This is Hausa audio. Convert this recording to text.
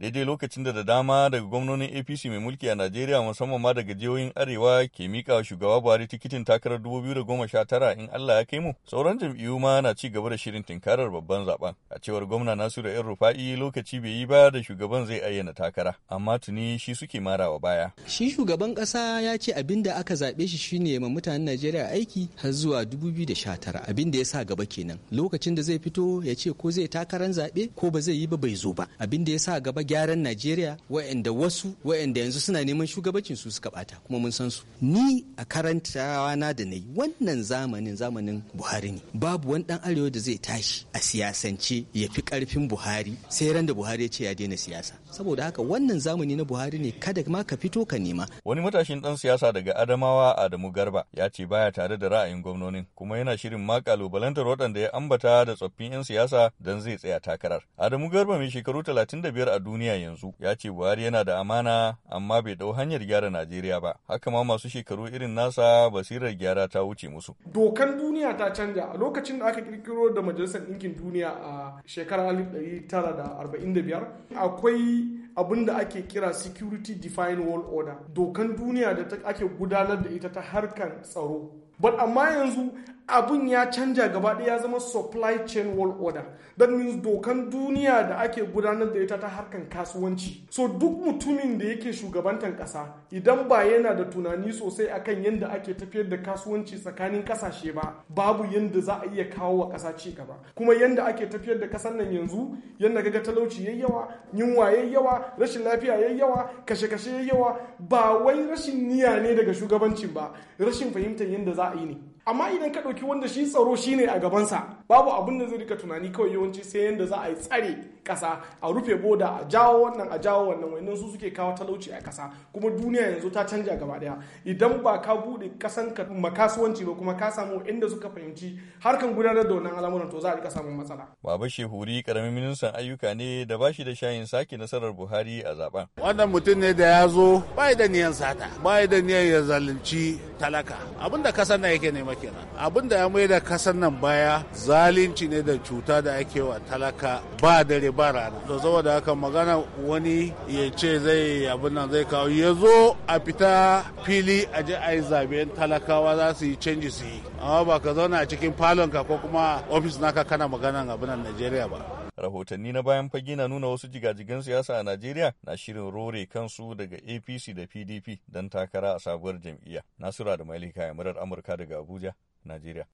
daidai lokacin da da dama daga gwamnonin apc mai mulki a najeriya musamman ma daga jihohin arewa ke mika wa shugaba buhari tikitin takarar 2019 in allah ya kai mu sauran jam'iyyu ma na ci gaba da shirin tinkarar babban zaben a cewar gwamna nasiru yan rufa'i lokaci bai yi ba da shugaban zai ayyana takara amma tuni shi suke marawa baya shi shugaban kasa ya ce abin da aka zaɓe shi shine ma mutanen najeriya aiki har zuwa 2019 abin da ya sa gaba kenan lokacin da zai fito ya ce ko zai takarar zaɓe ko ba zai yi ba bai zo ba abin da ya sa gaba gyaran Najeriya wa'inda wasu wa'inda yanzu suna neman shugabancin su suka bata kuma mun san su. Ni a karantawa na da nayi wannan zamanin zamanin Buhari ne. Babu wani ɗan arewa da zai tashi a siyasance ya fi karfin Buhari sai ran da Buhari ya ce ya daina siyasa. Saboda haka wannan zamani na Buhari ne kada ma ka fito ka nema. Wani matashin dan siyasa daga Adamawa Adamu Garba ya ce baya tare da ra'ayin gwamnonin kuma yana shirin ma kalubalantar waɗanda ya ambata da tsoffin 'yan siyasa don zai tsaya takarar. Adamu Garba mai shekaru 35 a duniya duniya yanzu ya ce Buhari yana da amana amma bai dau hanyar gyara Najeriya ba. Haka ma masu shekaru irin nasa basirar gyara ta wuce musu. Dokan duniya ta canja a lokacin da aka kirkiro da Majalisar Ɗinkin Duniya a shekarar 1945 akwai abin da ake kira security defined world order dokan duniya da ake gudanar da ita ta harkar tsaro but amma yanzu abin ya canja gaba ɗaya ya zama supply chain world order that means dokan duniya da ake gudanar da ita ta harkar kasuwanci so duk mutumin da yake shugabantan ƙasa idan ba yana da tunani sosai akan yadda ake tafiyar da kasuwanci tsakanin kasashe ba babu yadda za a iya kawo wa ƙasa ci gaba kuma yadda ake tafiyar da kasar nan yanzu yadda ga talauci yayyawa yunwa yayyawa rashin lafiya ya yawa kashe-kashe ya yawa ba wai rashin niyya ne daga shugabancin ba rashin fahimtar yadda za a yi ne amma idan ka ɗauki wanda shi tsaro shine a gabansa babu abin da zai rika tunani kawai yawanci sai yadda za a yi tsare kasa a rufe boda a jawo wannan a jawo wannan wannan su suke kawo talauci a kasa kuma duniya yanzu ta canja gaba daya idan ba ka bude kasan ka makasuwanci ba kuma ka samu inda suka fahimci harkan gudanar da wannan al'amuran to za a rika samun matsala baba shehuri karamin ministan ayyuka ne da bashi da shayin sake nasarar buhari a zaben wannan mutum ne da ya zo bai da niyan sata bai da niyan ya zalunci talaka abinda kasan nan yake nema kenan abinda ya mai da kasan nan baya zalunci ne da cuta da ake wa talaka ba dare dare da rana saboda haka magana wani ya ce zai abin nan zai kawo ya zo a fita fili a ji a yi zaben talakawa za su yi canji su yi amma ba ka zauna a cikin ka ko kuma ofis naka kana maganan abin nan najeriya ba rahotanni na bayan fage na nuna wasu jigajigan siyasa a Najeriya na shirin rore kansu daga APC da PDP don takara a sabuwar jam'iyya. Nasura da Mailika ya murar Amurka daga Abuja, Najeriya.